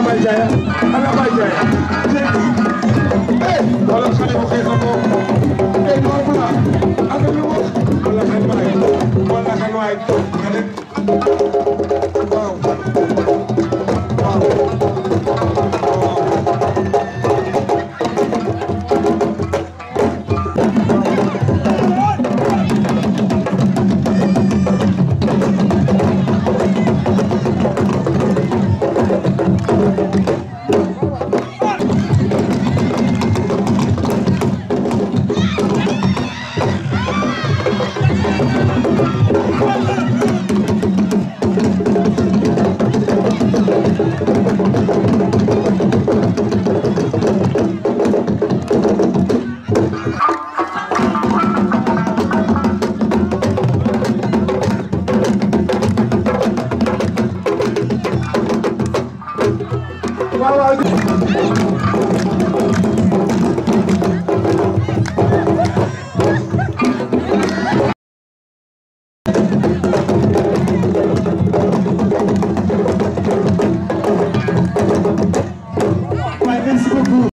Anabay Jaya Anabay Jaya waaw waaw